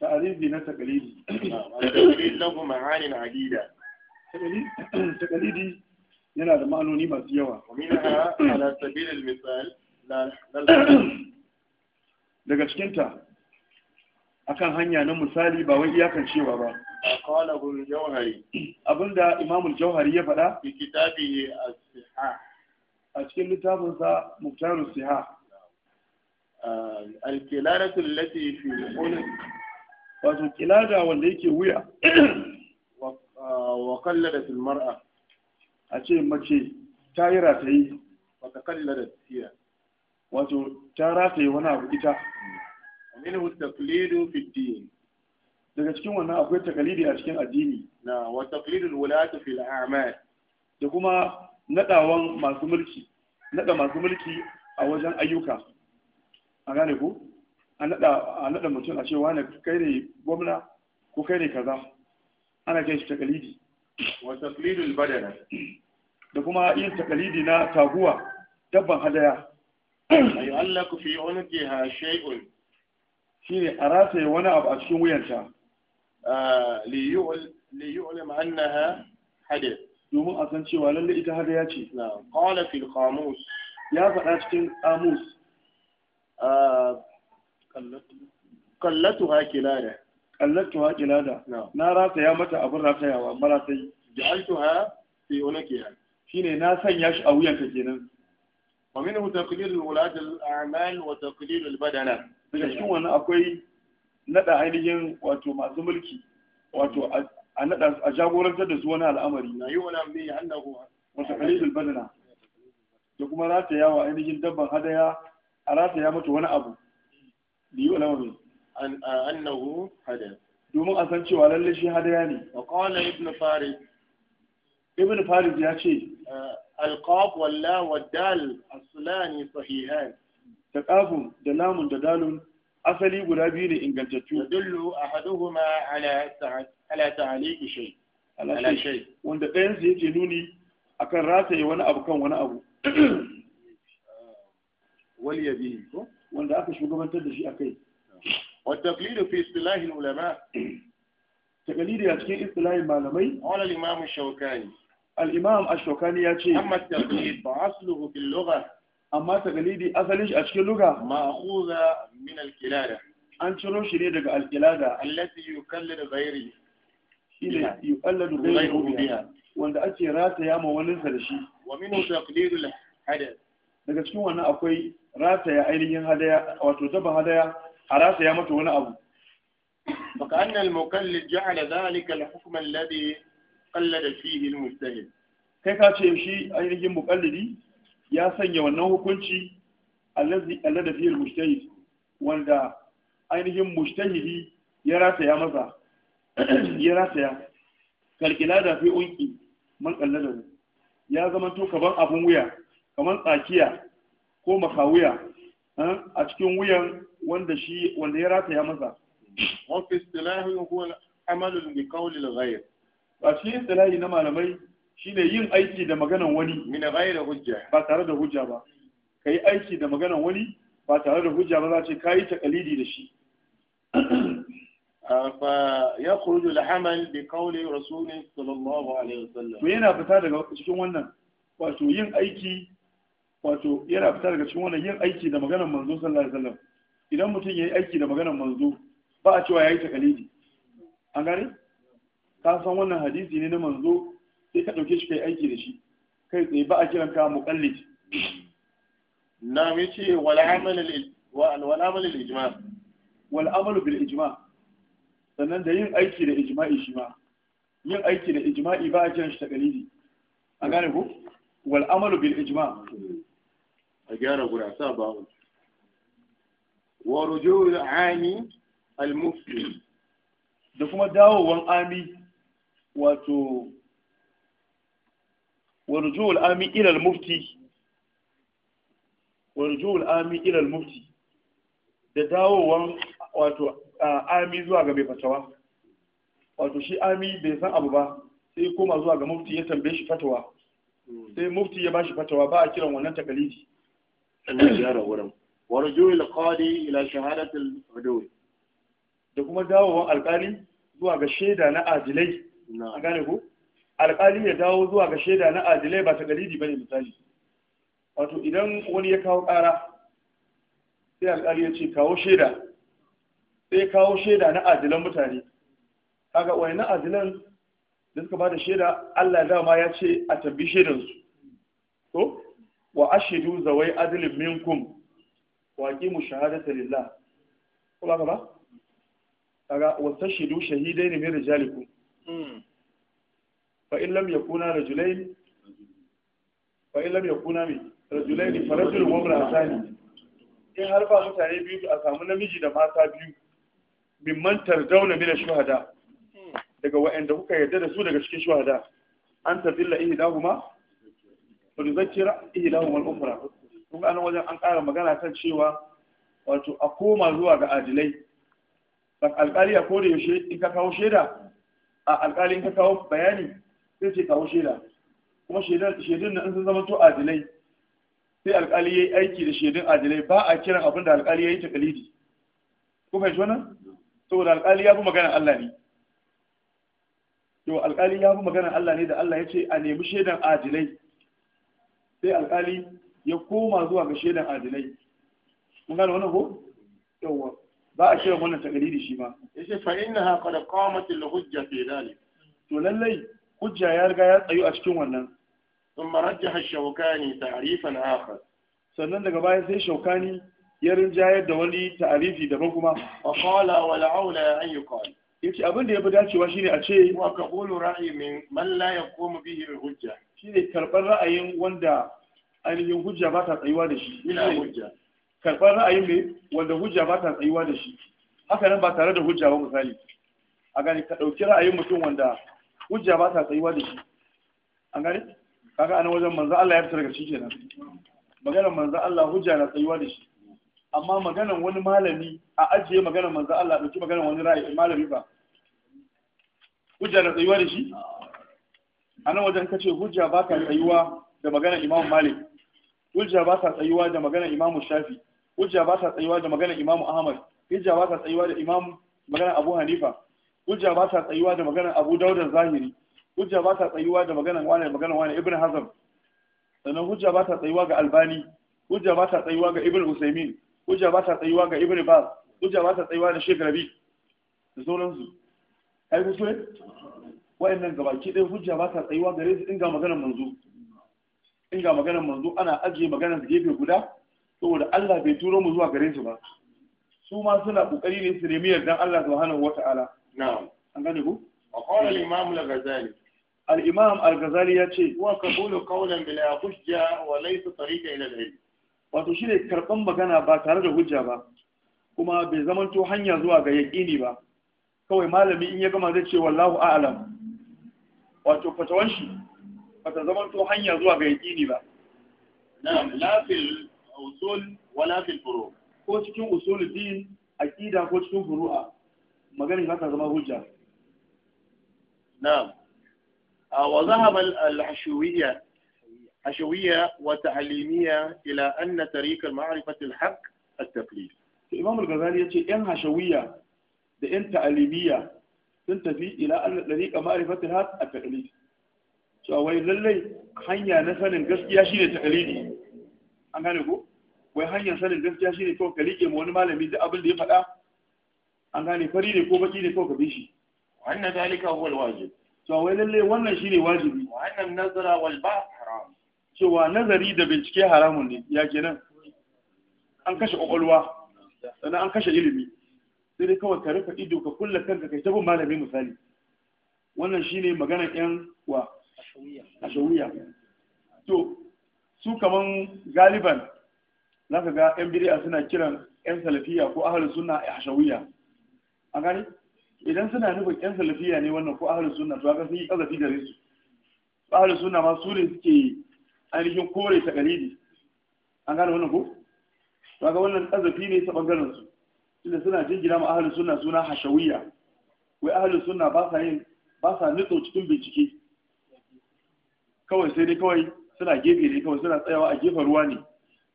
ta'arifi na takalidi takalidi lahu ma'anin adida takalidi yana da ma'anoni masu yawa minha ala sabil da misal daga cikin akan hanya na misali ba wai iyakancewa cewa ba qalahu al-jawhari abinda imam al ya faɗa fi kitabihi as-sihah a cikin littafinsa muktaru siha al-kilalatu allati wato kilada wanda yake wuya wa ah, kallada fil mar'a a ce mace ta yi ratayi wa ta kallada fiya wato ta ratayi wani abu ita minhu taqlidu kulidu din daga cikin wannan akwai takalidi a cikin addini na wa taqlidul wulati fil a'mal da kuma nadawan masu mulki nada masu mulki a wajen ayyuka a gane ku a naɗa mutum a cewa na kai ne gwamna ko kai ne kaza ana kai shi takalidi wa taqlidul badana da kuma yin takalidi na taguwa dabban hadaya ay allaku fi unqiha shay'un shine a rataye wani abu a cikin wuyanta ah, li yu'lam annaha hadith domin a san cewa lalle ita hadaya ce qala fil qamus ya faɗa cikin qamus ah, kallatu ha kilada kallatu ha kilada na rataya mata abin ratayawa ji ja'altu ha fi Shi ne na sanya shi a wuyanka kenan wa minhu taqlilul wulat al a'mal wa taqlilul badana daga cikin wannan akwai nada ainihin wato masu mulki wato a nada a jagorantar da su wani al'amari na yi wani bi annahu wa taqlilul badana da kuma rataya wa ainihin dabban hadaya a rataya mata wani abu liyu lamru an annahu hada domin a san cewa lalle shi hadaya ne wa qala Ibnu farid Ibnu farid ya ce alqaf walla wa dal aslani sahihan taqafun da lamun da dalun asali guda biyu ne ingantattu yadullu ahaduhuma ala ala ta'liq shay ala shay wanda ɗayan su yake nuni akan rataye wani abu kan wani abu wal yabin ko wanda aka shugabantar da shi a kai والتقليد في اصطلاح العلماء تقليد a cikin istilahin malamai قال الامام الشوكاني الامام الشوكاني ياتي اما التقليد فاصله في اللغه اما تقليد اصله a cikin lugha ماخوذ من القلاده an ciro shi ne daga alqilada allati yukallid ghairi shine yukallid ghairu biha wanda ake rataya ma wani sa da shi wa minhu taqlidul hadath daga cikin wannan akwai rataya ainihin hadaya wato zaba hadaya a rataya mata wani abu فكأن المقلد جعل ذلك الحكم الذي قلد فيه mustahil kai ka ce shi ainihin mukallidi ya sanya wannan hukunci allazi allada fihi mustahil wanda ainihin mustahili ya rataya masa ya rataya kalkilada fi unki man qallada ya zama to kaban abun wuya kamar tsakiya ko makawuya eh, a cikin wuyan wanda shi wanda ya rataya masa wa fi istilahi huwa al-amal bi qawli al-ghayr ba shi istilahi na malamai shine yin aiki da maganan wani min ghayri hujja ba tare da hujja ba kai aiki da maganan wani ba tare da hujja ba za ce kai takalidi da shi ah, fa ya khuruju al-amal bi qawli rasulih sallallahu alaihi wasallam to yana fita daga cikin wannan wato yin aiki wato yana fita daga cikin wannan yin aiki da maganar manzo sallallahu alaihi wasallam idan mutum yayi aiki da maganar manzo ba a cewa yayi takalidi an gare ka san wannan hadisi ne na manzo sai ka dauke shi kai aiki da shi kai tsaye ba a kiran ka muqallid na mi ce wal amal wal amal al ijma wal amal bil ijma sannan da yin aiki da ijma'i shi ma yin aiki da ijma'i ba a kiran shi takalidi an gane ko wal amal bil ijma a gyara gurasa ba ba'un wa rujul ami al mufti da kuma dawowan ami wato wa rujul ami ila al mufti wa rujul ami ila mufti da dawowan wato ami zuwa ga mai fatawa wato shi ami bai san abu ba sai koma zuwa ga mufti ya tambaye shi fatawa hmm. sai mufti ya bashi fatawa ba a kiran wannan takalidi sannan gyara wurin wa rujul qadi ila shahadatil udul da kuma dawowa alƙali zuwa ga shaida na adilai a gane ku alƙali ya dawo zuwa ga shaida na adilai ba ta dalili bane misali wato idan wani ya kawo ƙara sai alƙali ya ce kawo shaida sai kawo shaida na adilan mutane kaga wani na adilan da suka ba da shaida Allah ma ya ce a tabbi shaidansu wa ashidu zawai adilin minkum wa aqimu shahadata lillah kula ba kaga wa tashidu shahidai ne min rijalikum hmm. fa in lam yakuna rajulain fa in lam yakuna min rajulain fa rajul wa imra'atan in har ba mutane biyu a samu namiji da mata biyu min man tardauna min shuhada hmm. daga wa'anda kuka yarda da su daga cikin shuhada an tadilla ihdahuma wani zakira ihilahun wal'ufura kun ga wajen an ƙara magana kan cewa wato a koma zuwa ga adilai ba alƙali a koda yaushe in ka kawo shaida a alƙali in ka kawo bayani sai ce kawo shaida kuma shaidun na in sun zama to adilai sai alƙali ya yi aiki da shaidun adilai ba a kiran abin da alƙali ya yi takalidi ko fahimci wannan saboda alƙali ya fi magana Allah ne yau alƙali ya fi magana Allah ne da Allah ya ce a nemi shaidan adilai sai alkali ya koma zuwa ga shaidan adilai mun gane wannan ko yawa ba a shirin wannan takalidi shi ma yace fa innaha qad qamat al hujja fi dhalik to lalle hujja ya riga ya tsayu a cikin wannan Sun rajjaha ash-shawkani ta'rifan akhar sannan daga baya sai shawkani ya rinjayar da wani ta'rifi daban kuma wa qala wa aula an yuqal yace abin da yafi dacewa shine a ce wa qawlu ra'yi min man la yaqumu bihi al hujja shi ne karɓar ra'ayin wanda ainihin hujja ba ta tsayuwa da shi karɓar ra'ayin ne wanda hujja ba ta tsayuwa da shi haka nan ba tare da hujja ba misali a gani ka ɗauki ra'ayin mutum wanda hujja ba ta tsayuwa da shi an gani kaga anan wajen manzo Allah ya fita daga shi kenan maganar manzo Allah hujja na tsayuwa da shi amma maganar wani malami a ajiye maganar manzo Allah ɗauki maganar wani ra'ayi malami ba hujja na tsayuwa da shi a nan wajen kace hujja ba ta tsayuwa da magana imam malik hujja ba ta tsayuwa da magana imam shafi hujja ba ta tsayuwa da magana imam ahmad hujja ba ta tsayuwa da imam magana abu hanifa hujja ba ta tsayuwa da magana abu dauda zahiri hujja ba ta tsayuwa da magana wani magana wani ibn hazm sannan hujja ba ta tsayuwa ga albani hujja ba ta tsayuwa ga ibn usaimin hujja ba ta tsayuwa ga ibn baz hujja ba ta tsayuwa da shekarabi da sauransu kai kuskure wa'annan gabaki ɗaya hujja ba ta tsayuwa gare su in ga maganar manzo in ga maganar manzo ana ajiye maganar da gefe guda saboda Allah bai turo mu zuwa gare su ba su ma suna kokari ne su nemi yardan Allah subhanahu wata'ala na'am an gane ku wa qala al-imam al-ghazali al-imam al-ghazali yace wa qabulu qawlan bila hujja wa laysa tariqa ila al-ilm wato shine karban magana ba tare da hujja ba kuma bai zamanto hanya zuwa ga yaqini ba kawai malami in ya gama zai ce wallahu a'lam wato fatawan shi ba zaman to hanya zuwa ga yaƙini ba na'am la fil usul wala fil furu ko cikin usul din aqida ko cikin furu'a maganin haka zama hujja na'am وذهب الحشوية حشوية وتعليمية إلى أن طريق معرفة الحق التقليد الإمام الغزالي yace in حشوية da in ta'alimiya sun tafi ila an riƙa ma'rifatul haq a taqlid cewa wai lallai hanya na sanin gaskiya shine taqlidi an gane ko wai hanyar sanin gaskiya shine kawai ka rike ma wani malami da abin da ya faɗa an gane fari ne ko baki ne kawai ka bi shi wannan zalika huwa alwajib to wai lallai! wannan shine wajibi wannan nazara wal ba haram cewa nazari da bincike haramun ne ya kenan an kashe kokolwa sannan an kashe ilimi sai dai kawai ka rufe ido ka kulle kanka kai ta bin malami misali wannan shine maganar yan wa ashawiya to su kaman galiban za ka ga yan bid'a suna kiran yan salafiya ko suna a ashawiya a gani idan suna nufin yan salafiya ne wannan ko ahalin suna to aka sun yi kazafi gare su ahalin suna ma su ne suke ainihin kore ta galibi an gane wannan ko to ga wannan kazafi ne ta bangaren su inda suna jingina ma ahalin suna suna hashawiyya wai ahalin suna ba sa yin ba sa nitso cikin bincike kawai sai dai kawai suna gefe ne kawai suna tsayawa a gefen ruwa ne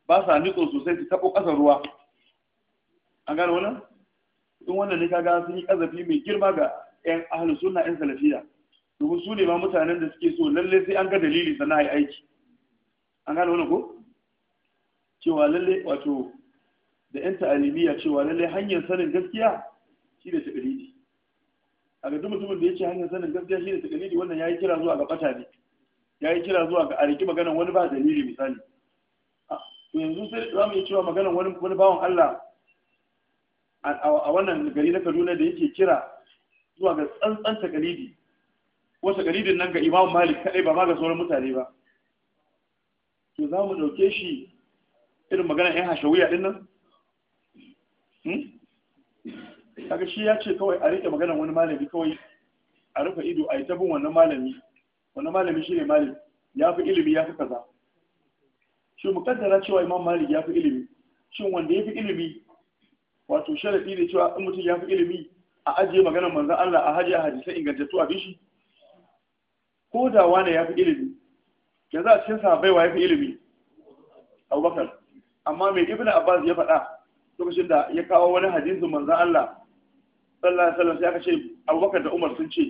ba sa nitso sosai su tabo kasar ruwa an gane wannan in wannan ne kaga sun yi kazafi mai girma ga 'yan ahalin suna 'yan salafiya domin su ne ma mutanen da suke so lalle sai an ga dalili sannan a yi aiki an gane wannan ko cewa lalle wato da yan ta'alimiyya cewa lallai hanyar sanin gaskiya shi da taƙalidi a ga duk mutumin da ya ce hanyar sanin gaskiya shi da taƙalidi wannan ya yi kira zuwa ga ɓata ne ya yi kira zuwa ga ariki maganar wani ba dalili misali to yanzu sai za mu iya cewa maganar wani wani bawan Allah a wannan gari na Kaduna da yake kira zuwa ga tsantsan taƙalidi wasu taƙalidin nan ga imam malik kadai ba ma ga sauran mutane ba to za mu ɗauke shi irin magana yan hashawiya ɗin nan Haka hmm? shi ya ce kawai a riƙe maganar wani malami kawai a rufe ido a yi tabin wannan malami wannan malami shi ne malami ya fi ilimi ya fi kaza shi kaddara cewa imam malik ya fi ilimi shin wanda ya fi ilimi wato sharafi ne cewa in mutum ya fi ilimi a ajiye maganar manzan Allah a hajiya hadisai ingantattu a bishi ko da wane ya fi ilimi yanzu a cikin sa baiwa ya fi ilimi abubakar amma mai ibn abbas ya faɗa lokacin da ya kawo wani hadisin manzan Allah sallallahu alaihi wasallam sai aka ce Abubakar da Umar sun ce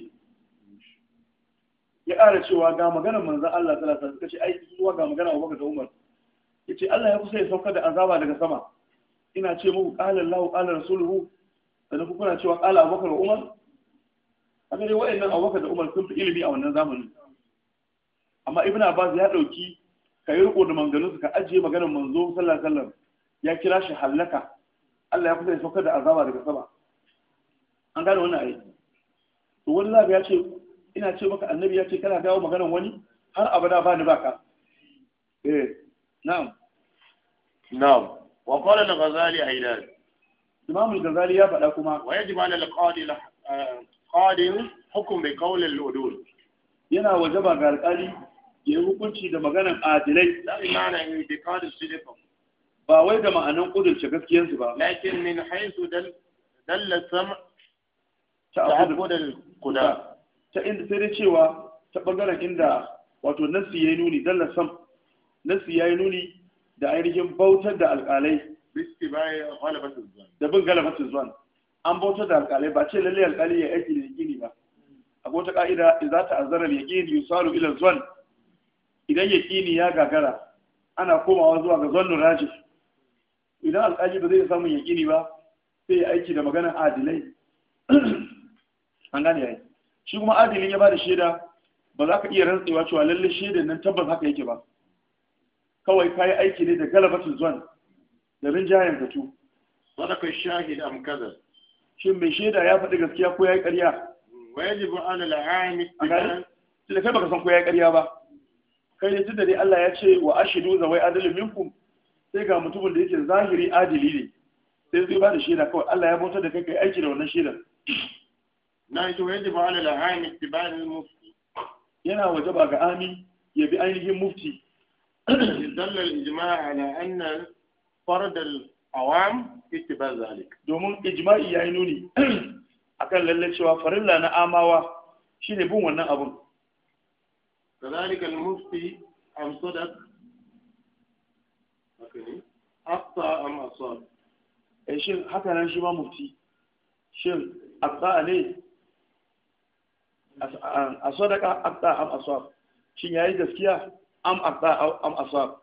ya ƙara cewa ga maganar manzan Allah sallallahu alaihi wasallam suka ce ai zuwa ga maganar Abubakar da Umar ya ce Allah ya kusa ya sauka da azaba daga sama ina ce muku ƙalar lahu ƙalar rasuluhu sannan ku kuna cewa qala Abubakar da Umar aka dai wa'annan Abubakar da Umar sun fi ilimi a wannan zamanin amma Ibn Abbas ya ɗauki ka yi riko da manganinsu ka ajiye maganar manzo sallallahu alaihi wasallam ya kira shi hallaka Allah ya kusa ya saukar da azaba daga sama an gane wannan ayi to wani zabi ya ce ina ce maka annabi ya ce kana dawo maganar wani har abada ba ni baka eh na'am na'am wa qala al-ghazali aidan imam al-ghazali ya faɗa kuma wa yajib ala al-qadi ah, qadi hukum bi qawl al-udul yana wajaba ga alƙali ya hukunci da maganar adilai da imana bi qadi sidqum ba wai da ma'anan kudurce gaskiyarsu ba lakin min haisu dalla sam ta al-quda ta inda sai cewa ta bangaren inda wato nasi yayi nuni dalla sam ya yayi nuni da ainihin bautar da alƙalai da bin galabatin zuwan an bautar da alƙalai ba ce lalle alƙali ya aiki da yaƙini ba a wata ƙa'ida za ta azara da yaƙini yusaru ila zuwan idan yaƙini ya gagara ana komawa zuwa ga zuwan raji idan alƙali ba zai samu yaƙini ba sai ya aiki da maganar adilai an gane yi. shi kuma adilin ya bada shaida ba za ka iya rantsewa cewa lalle shaidan nan tabbas haka yake ba kawai ka yi aiki ne da galabatin zuwan da rinjayen zato sadaka shahid am kaza shin mai shaida ya faɗi gaskiya ko ya yi ƙarya wajibu ala al'ami da kai baka san ko ya yi ƙarya ba kai ne tunda dai Allah ya ce wa ashidu zawai adalin minkum sai ga mutumin da yake zahiri adili ne sai zai ba da shaida kawai Allah ya bautar da kai kai aiki da wannan shaidan na yi tuwaye jiba ala lahayin istibarin mufti yana waje ba ga ami ya bi ainihin mufti dallar ijma na annan fardar awam ittiba zalik domin ijma'i yi nuni akan kan lallacewa farilla na amawa shine bin wannan abun كذلك المفتي أمصدت ne afta an asab eh shin haka nan shi ma mufti shin afta ne a um, sadaka afta am asab shin yayi gaskiya am afta am asab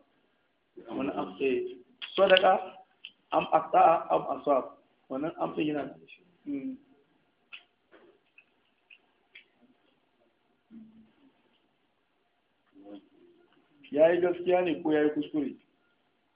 wannan afta eh, sadaka am afta am asab wannan amfin yana da shi hmm. ya yi gaskiya ne ko ya yi kuskure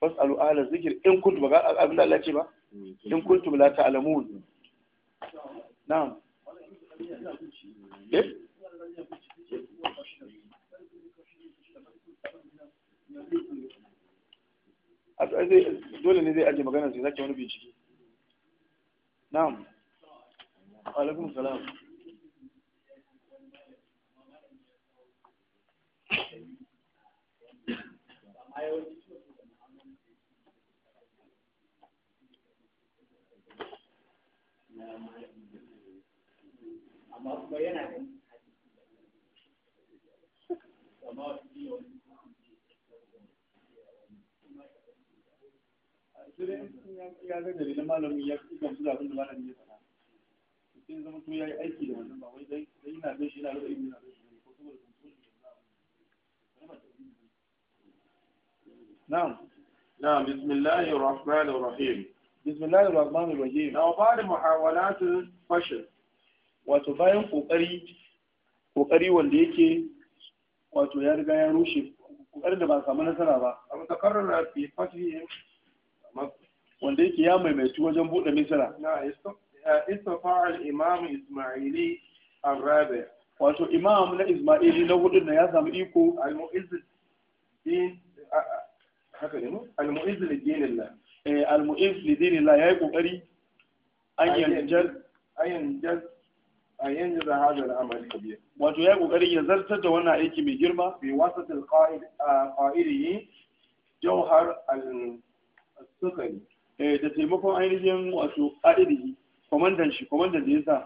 fas'alu ala zikir in kuntum ba abin da Allah ce ba in kuntum la ta'lamun na'am eh dole ne zai aje magana sai zaki wani bincike na'am Wa alaikum salam Thank you. amma kuma yana da ya malamin ya fi gamsu da abin da malamin ya sai zama to ya yi aiki da wannan ba wai shi na bin shi na'am na'am bismillahir rahmanir rahim bismillahir rahmanir rahim na ba da muhawalatul fashl wato bayan kokari kokari wanda yake wato ya riga ya rushe kokarin da ba samu nasara ba amma takarrara fi fatihi wanda yake ya maimaitu wajen bude misira. na istafa al-imam isma'ili ar-rabi wato imam na isma'ili na hudu na ya samu iko al-mu'izz din haka ne mu al-mu'izz li dinillah Eh, al-mu'izz li la yayi kokari an yanjar an yanjar an yanjar hada al-amal kabir wato yayi kokari ya zartar da wannan aiki mai girma bi wasat al-qa'id qa'idi jawhar al-sukari eh da taimakon ainihin wato qa'idi komandan shi komandan da yasa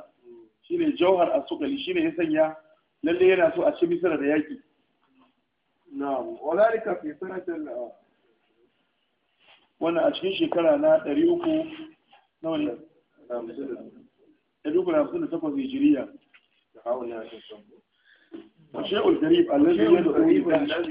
shine jawhar al-sukari shine ya sanya lalle yana so a ci misira da yaki na'am wadalika fi sanatin wannan a cikin shekara na 300 nawa ne 358 hijiriya الشيء الغريب الذي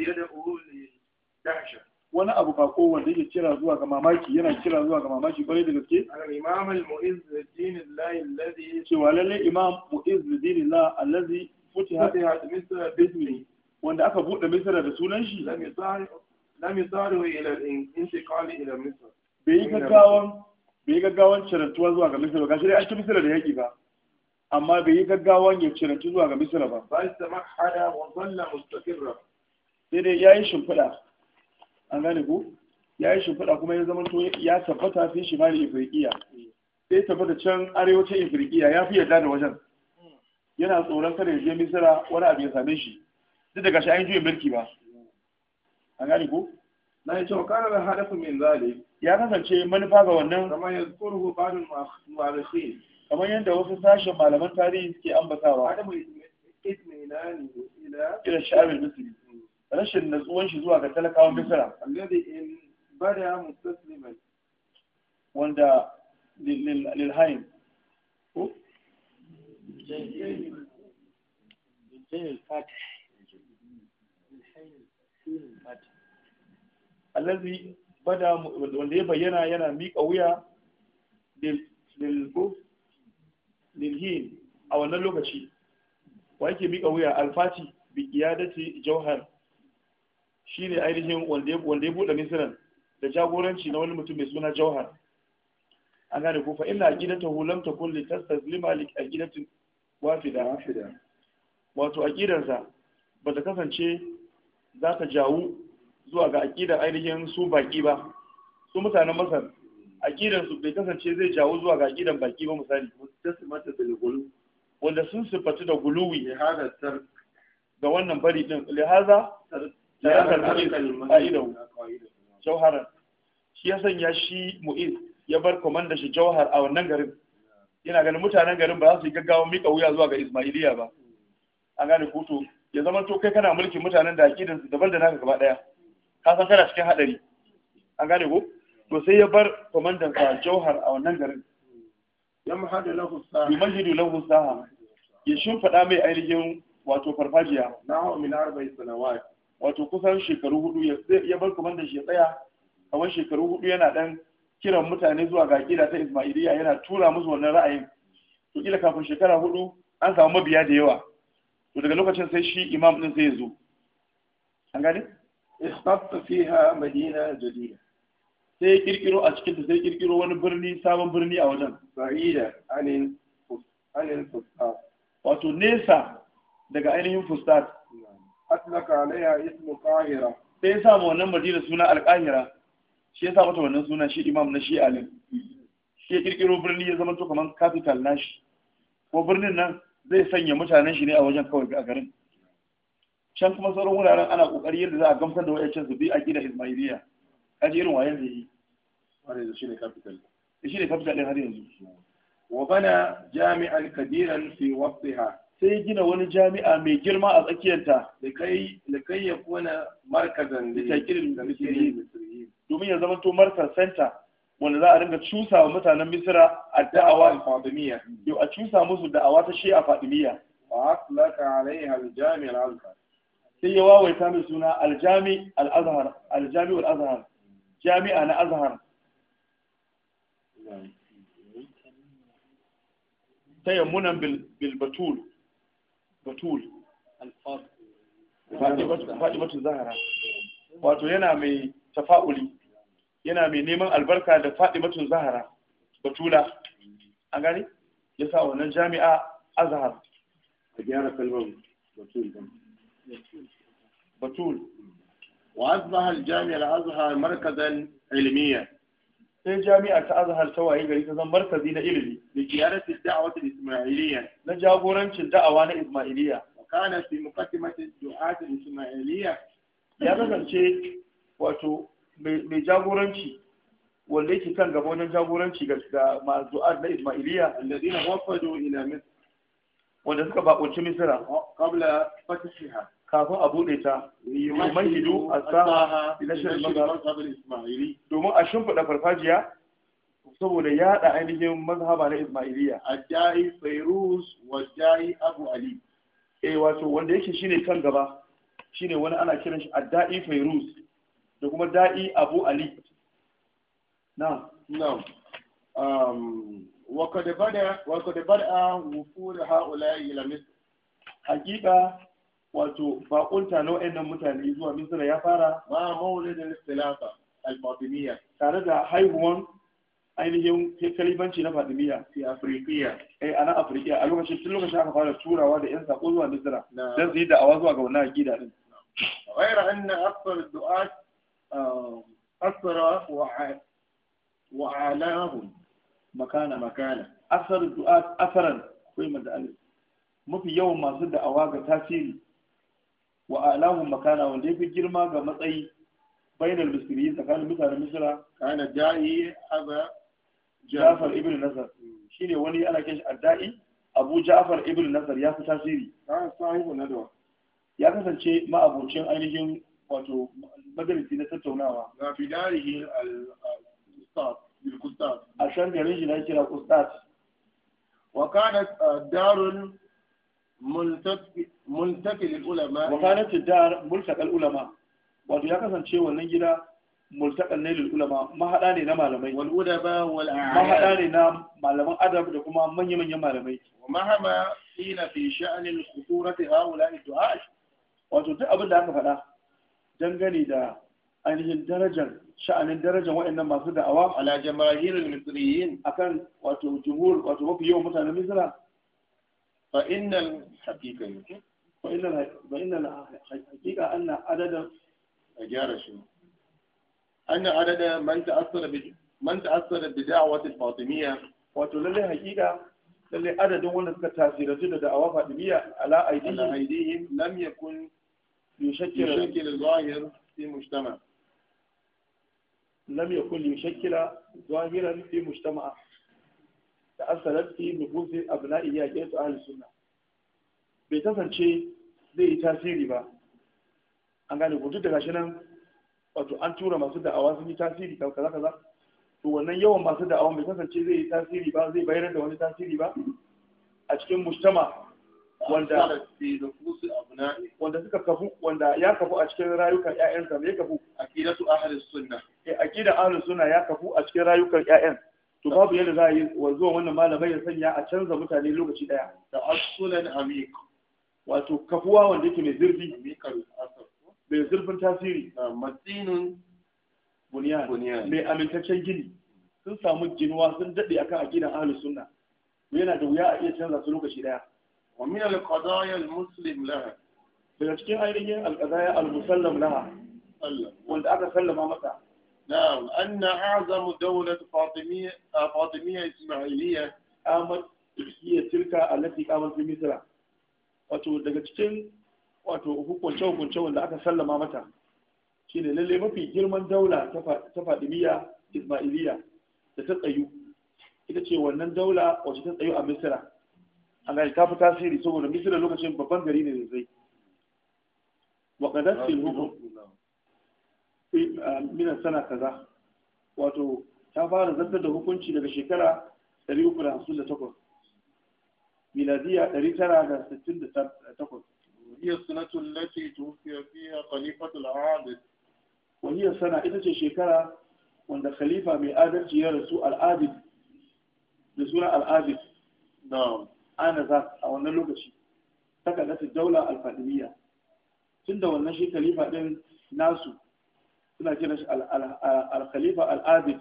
يدعو للدهشة wani abu ba ko wanda yake kira zuwa ga mamaki yana kira zuwa ga mamaki kwarai da gaske al-imam al-mu'izz dinillah Allazi ce. lalle imam mu'izz dinillah alladhi futiha bi ismi wanda aka bude misra da sunan shi lam yasari lam yusari'u ila bai gaggawan zuwa ga ba shi dai da yaki ba amma bai yi gaggawan ya cirantu zuwa ga Misira ba ba wa mustaqirra sai dai yayi shimfida an gane Ya yayi shimfida kuma ya zama to ya tabbata fi mali sai tabbata can arewacin Afriqiya ya fi yadda da wajen hmm. yana tsoron kada ya je misira wani abu ya same shi duk da gashi an juye mulki ba an gani ko na yi cewa kana da hadafin min zali ya kasance manufa ga wannan kama ya zukuru kamar yadda wasu sashen malaman tarihi suke ambatawa adamu itminani ila ila sha'abil rashin natsuwan shi zuwa ga talakawan misra wanda lil ko allazi bada wanda ya bayyana yana miƙa wuya hin a wannan lokaci wa yake miƙa wuya alfati bi iyadati jauhar shine ainihin wanda ya buɗe misiran da jagoranci na wani mutum mai suna jauhar an gane ko fa inna aqidatahu lam takun li tastazlima li aqidatin wafida wafida wato aqidarsa bata kasance za ta jawo? zuwa ga aƙidar ainihin su baƙi ba su mutanen masar aƙidar su bai kasance zai jawo zuwa ga aƙidar baƙi ba misali wanda sun siffatu da guluwi ga wannan bari din lihaza tarakar mu'iz jauharan shi ya sanya shi mu'iz ya bar komanda shi jauhar a wannan garin yana ganin mutanen garin ba za su yi gaggawa mika wuya zuwa ga ismailiya ba an gane kuto ya zama to kai kana mulkin mutanen da aƙidansu daban da naka gaba ɗaya ka san tana cikin hadari an gane ko to sai ya bar komandan sa jauhar a wannan garin ya mahadu lahu saha yumahidu lahu saha ya shimfiɗa mai ainihin wato farfajiya Na hau min arba'i sanawat wato kusan shekaru hudu ya bar komandan shi ya tsaya kamar shekaru hudu yana dan kiran mutane zuwa ga gida ta ismailiya yana tura musu wannan ra'ayin to kila kafin shekara hudu an samu mabiya da yawa to daga lokacin sai shi imam din sai ya zo an gane istatta fiha madina jadida sai kirkiro a cikin sai kirkiro wani birni sabon birni a wajen sa'ida anin anin fusta wato nesa daga ainihin fustat atlaka alaiha ismu qahira sai ya sa wannan madina suna alqahira shi ya sa mata wannan suna shi imam na shi alim shi ya kirkiro birni ya zama to kaman capital nashi ko birnin nan zai sanya mutanen shi ne a wajen kawai a garin can kuma sauran wuraren ana kokari yadda za a gamsar da wayancin su bi a gida Ismailiya kaji irin wayan da yi wani da shine capital eh, shine capital din har yanzu wa bana jami'an kadiran fi waqtiha sai gina wani jami'a mai girma a tsakiyarta da kai da kai ya kona markazan da takirin da domin ya zama to markar center wanda za a ringa cusa wa mutanen Misra a da'awa Fatimiyya yau a cusa musu da'awa ta Shi'a Fatimiyya wa aslaka alaiha al-jami'a al-azhar sai ya wawaita mai suna aljami al aljami al jami'a na azhar tayammunan bil batul batul al-fadibatu zahara wato yana mai tafa'uli yana mai neman albarka da fadibatu zahara batula A gani ya sa wannan jami'a azhar a gyara kalmar batul batul wa azhar jami'a al-azhar markazan sai jami'a ta azhar ta waye gari ta zan markazi na ilimi da ziyarati da'awati al-ismailiyya na jagorancin da'awa na ismailiyya wa kana fi muqaddimati du'at al-ismailiyya ya kasance wato mai jagoranci wanda kan gaba wajen jagoranci ga masu du'at na ismailiyya alladhina wafadu ila misr wanda suka bakunci misira kafin a bude ta a asaha ila shirin ismaili domin a shimfida farfajiya saboda yada ainihin mazhaba na ismailiya addai fairuz wa dai abu ali eh wato wanda yake shine kan gaba shine wani ana kiran shi addai fairuz da kuma da'i abu ali na'am na'am um وقد بدأ وقد بدأ وفود هؤلاء ila مصر hakika wato bakunta tano wa'annan mutane zuwa Misra ya fara ma maulidin istilafa al-fatimiyya tare da haihuwan ainihin kalibanci na fatimiyya fi afrikiya eh ana afrikiya a lokacin tun lokacin aka fara turawa da yan sako zuwa Misra dan su yi awa zuwa ga wannan aqida din ghayra anna akthar du'at asra wa wa alahum makana makana asar du'a asaran akwai madda mafi yawan masu da'awa ga tasiri wa alahu makana wanda fi girma ga matsayi bainal misriyin tsakanin mutanen misra kana da'i aba jafar ibn nasar shine wani ana kiran shi adda'i abu jafar ibn nasar ya fi tasiri ya kasance ma'abocin ainihin wato madarisi na tattaunawa ga fidarihi al-ustad a shan garin shi na kira kustat wa kanat darun multaqil ulama wa kanat dar multaqal ulama wato ya kasance wannan gida multaqal ne ulama mahada ne na malamai wal udaba wal mahada ne na malaman adab da kuma manyan manyan malamai wa mahama ina fi sha'an al khuturati haula du'a wato duk abin da aka faɗa dangane da ainihin darajar sha'anin darajar waɗannan masu da'awa ala jama'ir misriyin akan wato jumhur wato mafi yawan mutanen misra fa innal haqiqa fa innal fa innal haqiqa anna adada ajara shi anna adada man ta'assara bi man ta'assara bi da'wati fatimiyya wato lalle haqiqa lalle adadin wanda suka tasirantu da da'awa fatimiyya ala aidihim lam yakun yushakkir yushakkir zahir fi mujtama' لم يكن yushakkila ظاهرا في مجتمع da في نفوذ أبناء abna'i أهل ke بيتفن شيء sunna bai kasance zai yi tasiri ba an nan wato an tura masu da'awa sun yi tasiri kaza kaza to wannan yawan masu da'awa bai kasance zai yi tasiri ba zai bayar da wani tasiri ba a cikin mujtama wanda wanda suka kafu wanda ya kafu a cikin rayukan ƴaƴansa me kafu aqidatu ahli sunna eh aqida ahli sunna ya kafu a cikin rayukan ƴaƴan to babu yadda za a yi zuwa wannan malamai ya sanya a canza mutane lokaci daya da asulan amik wato kafuwa wanda yake mai zurfi mai zurfin tasiri matsinun bunyan mai amintaccen gini sun samu ginuwa sun daɗe akan aqidan ahli sunna yana da wuya a iya canza su lokaci daya wa min al-qadaya al daga cikin ainihin al-qadaya al laha wanda aka sallama mata na'am anna a'zamu dawlat fatimiyya fatimiyya ismailiyya amat iya tilka allati qamat bi misra wato daga cikin wato hukunce hukunce wanda aka sallama mata shine lalle mafi girman daula ta fatimiyya da ta tsayu ita ce wannan daula wacce ta tsayu a misra an gani ta fi tasiri saboda misira lokacin babban gari ne zai wa kadatil hukum minan sana kaza wato ta fara zartar da hukunci daga shekara 358 miladiya 968 هي السنة التي توفي فيها خليفة العادل وهي السنة إذا تشكرا وأن خليفة بآدم يا رسول العادل رسول العادل نعم anaza a wannan lokaci ta takallata daula al tun da wannan shi khalifa din nasu suna kiran shi al-khalifa al-abid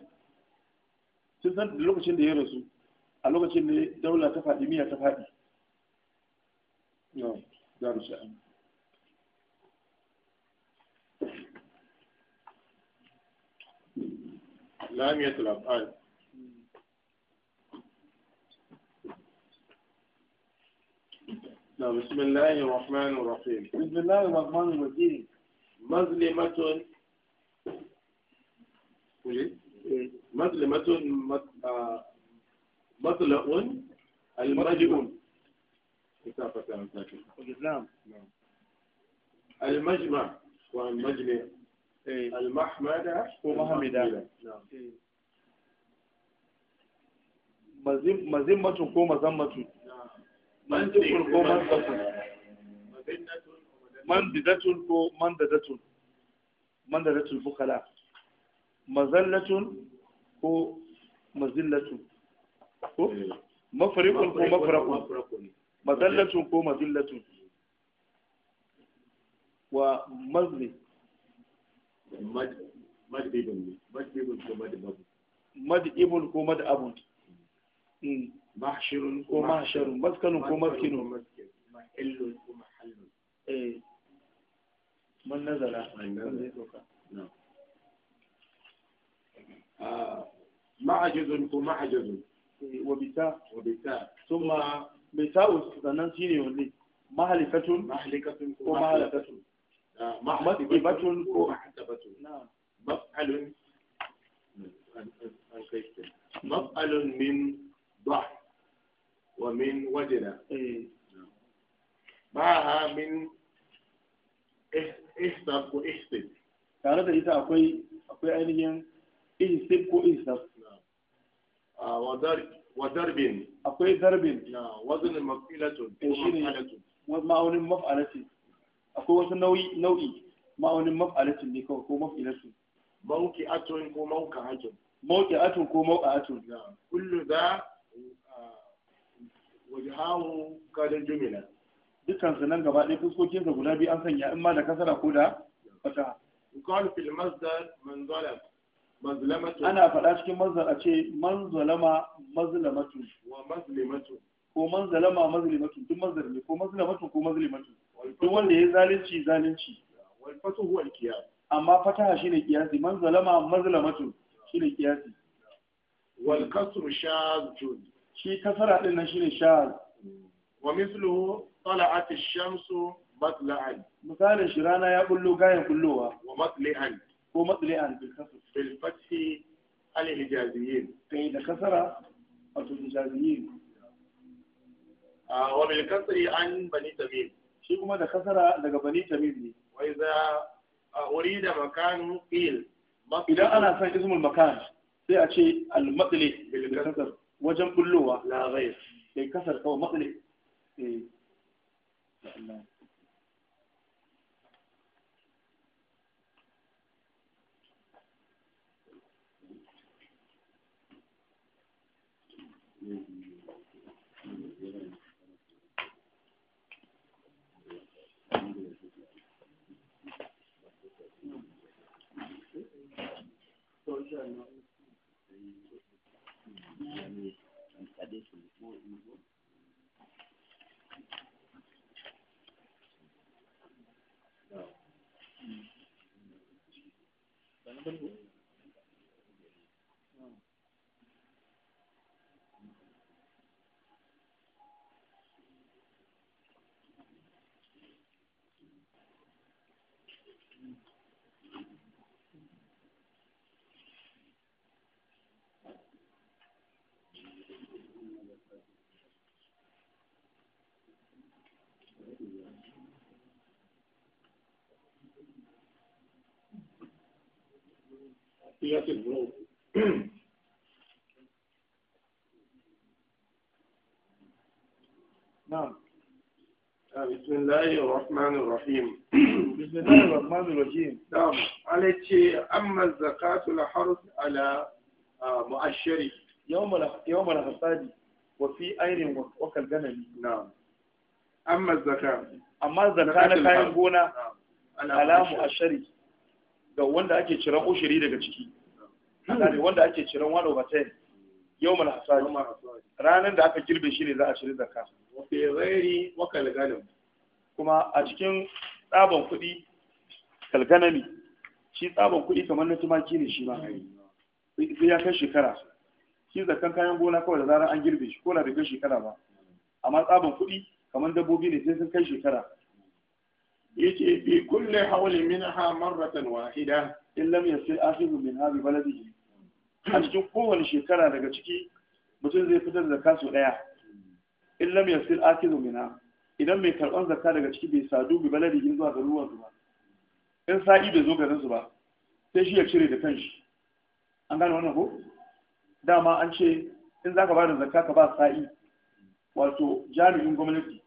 sun san da lokacin da ya rasu a lokacin da daula ta fadimiya ta fadi لم يتلف آية نعم، بسم الله الرحمن الرحيم بسم الله الرحمن الرحيم مظلمة مظلمة آه، مطلق المجنون نعم المجمع والمجمع إيه. المحمدة ومحمدة نعم مزمة كو مزمة man jikun ko man satun man bidatun ko man dadatun man dadatun fukala mazallatun ko mazillatun eh. ko mafariqun ko mafraqun mazallatun ko mazillatun wa mazli madibun ko madibun ko hmm. محشر ومحشر مسكن ومسكن محل ومحل من نزل ما آه. معجز ومعجز وبتاء وبتاء ثم بتاء وسكنان سيني ولي مهلكة مهلكة ومهلكة مهلكة نعم مفعل مفعل من ضعف wa min wajina eh. eh, ko ihsib tare da ita akwai akwai ainihin ihsib ko ihsab wa darbin akwai darbin wazin mafilatun ko eh, maf'alatun ma'aunin maf'alatun akwai wasu nau'i nau'i ma'aunin maf'alatun ne kawai ko maf'ilatun mauki atun ko mauka atun mauki atun ko mauka atun kullu da wajahahu kadin jumila dukkan su nan gaba ɗaya fuskokin sa guda biyu an sanya in ma da kasara ko da fata yuqal fil masdar man zalam mazlamatu ana faɗa cikin masdar a ce man zalama mazlamatu wa mazlimatu ko man zalama mazlimatu duk masdar ne ko mazlamatu ko mazlimatu duk wanda ya zalunci zalunci wal fatu huwa al amma fataha shine qiyasi man zalama mazlamatu shine qiyasi wal kasru shazun shi kasara din nan shine shahar wa mithluhu tala'at ash-shamsu matla'an misalin shi rana ya bullo gayan bullowa wa matli'an ko matli'an bil kasr bil fathi al-hijaziyin kai eh, da kasara a wato A wa bil kasri an bani tamim shi kuma da kasara daga bani tamim ne wa idza urida makanu qil idan ana son ismul makan sai a ce al-matli bil kasr وجنب اللغة لا غير كسر فهو مقلي إيه؟ Thank ni dan tadi semua ini pun Thank سياسة البلوغ نعم آه، بسم الله الرحمن الرحيم بسم الله الرحمن الرحيم نعم على أما الزكاة الحرص على آه، مؤشره يوم يوم الحصاد وفي أير وكالجنم نعم أما الزكاة أما الزكاة كاين بونا نعم. على مؤشره ga wanda ake ciran ushiri daga ciki ne wanda ake ciran wani over ten yau mal hasari ranar da aka girbe shi ne za a cire zakka kuma a cikin tsaban kuɗi kalganami shi tsaban kuɗi kamar na tumaki ne shi ma sai ya kai shekara shi zakan kayan gona kawai da zarar an girbe shi ko na bai kai shekara ba amma tsaban kuɗi kamar dabbobi ne sai sun kai shekara yace fi kulli hawlin minha marratan wahida in lam yasil akhiru min hadhi baladihi a cikin kowane shekara daga ciki mutum zai fitar da kasu daya in lam yasil akhiru minha idan mai karban zakka daga ciki bai sadu bi baladihi zuwa garuruwan su ba in sa'i bai zo garin su ba sai shi ya cire da kanshi an gane wannan ko dama an ce in zaka ba da zakka ka ba sa'i wato jami'in gwamnati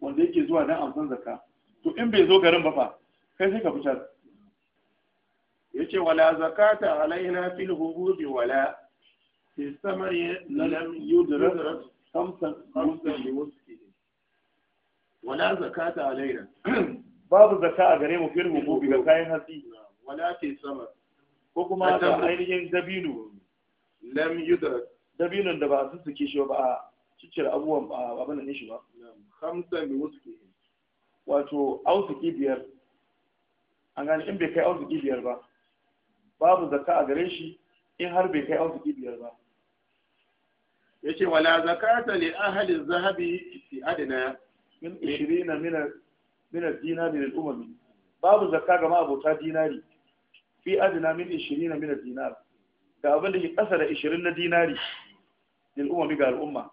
wanda yake zuwa dan amsan zakka to in bai zo garin ba fa kai sai ka fitar yace wala zakata alaina fil hubudi wala fi samari lam yudrak khamsan khamsan liwuski wala zakata alaina babu zakka a gare mu fil hubudi ga kayan hatsi wala fi samar ko kuma ga ainihin dabino lam yudra dabinon da ba su suke shi ba a ciccire abubuwan abin ne shi ba khamsan wuski wato arziki biyar an gani in bai kai arziki biyar ba babu zakka a gare shi in har bai kai arziki biyar ba Ya ce wala zakata li ahli zahabi fi adina min 20 min minar dinari lil umami babu zakka ga abota dinari fi adina min 20 min dinar ga abin da ke kasa da 20 na dinari lil umami ga al'umma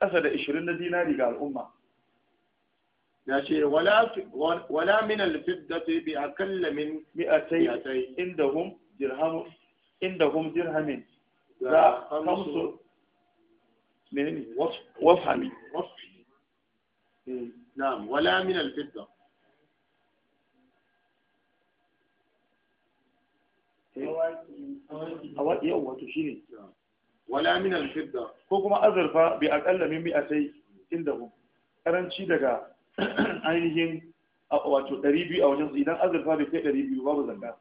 kasa da 20 na dinari ga al'umma ya ce wala min alfiddati bi akalla min mi'atai indahum dirham indahum dirhamin za kamsu menene wafhami hmm. na'am wala min alfidda hmm. yau wato shine wala min alfidda ko kuma azurfa bi akalla min mi'atai indahum karanci daga ainihin wato ɗari biyu a su, idan azurfa bai kai ɗari biyu babu zanga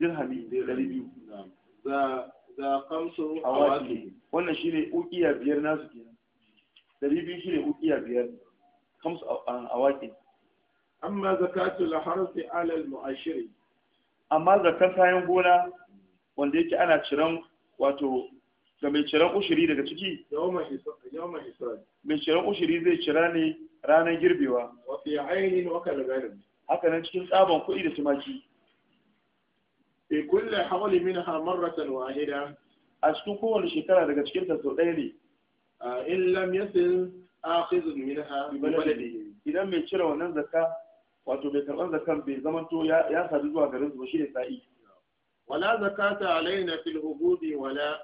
dirhami ɗari biyu za kamso a wasu wannan shi ne ukiya biyar nasu kenan ɗari biyu shi ne ukiya biyar kamso a waƙi amma zakatu la harfi alal mu'ashiri amma ga kayan gona wanda yake ana ciran wato ga mai ciran ushiri daga ciki mai ciran ushiri zai cira ne ranar girbewa haka nan cikin tsaban kuɗi da tumaki fi kulli hawli minha marratan wahida a cikin kowane shekara daga cikin ta ɗaya ne in lam yasil akhizun minha bi idan mai cire wannan zakka wato bai karɓar zakkan bai zamanto ya sadu zuwa garin zuwa shi ne sa'i wala zakata alaina fil hubudi wala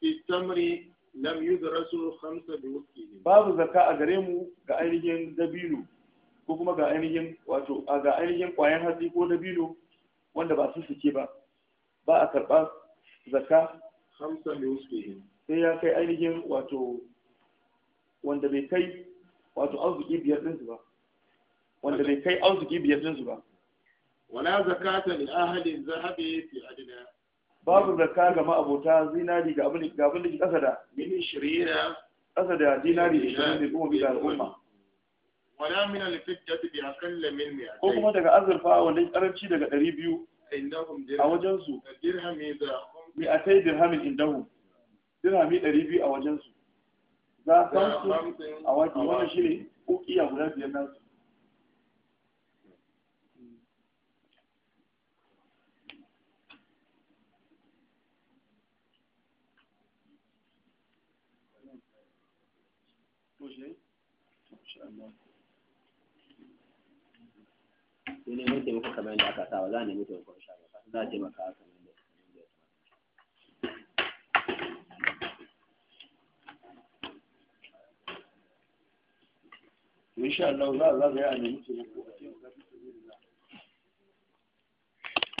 fi tamri lam yudrasu khamsa bi wuskihi babu zakka a gare mu ga ainihin dabino ko kuma ga ainihin wato ga hatsi ko dabino wanda ba su suke ba ba a karɓa zakka khamsa bi wuskihi sai ya kai ainihin wato wanda bai kai wato biyar ɗinsu ba wanda bai kai arziki biyar ɗinsu ba wala zakata li ahli babu da ka ga ma'abota zinari ga abin da ke ƙasa da min shirina ƙasa da zinari da shirin da kuma bi da al'umma wala min al-fiddat bi aqall min mi'atayn ko kuma daga azurfa wanda karanci daga 200 a wajen su dirhami da mi'atay dirhamin indahum dirhami 200 a wajen su za san su a wajen wani wannan shine ukiya guda biyar su shi sai neman taimako kamar yadda aka za a nemi za a taimaka insha Allah za a nemi taimako a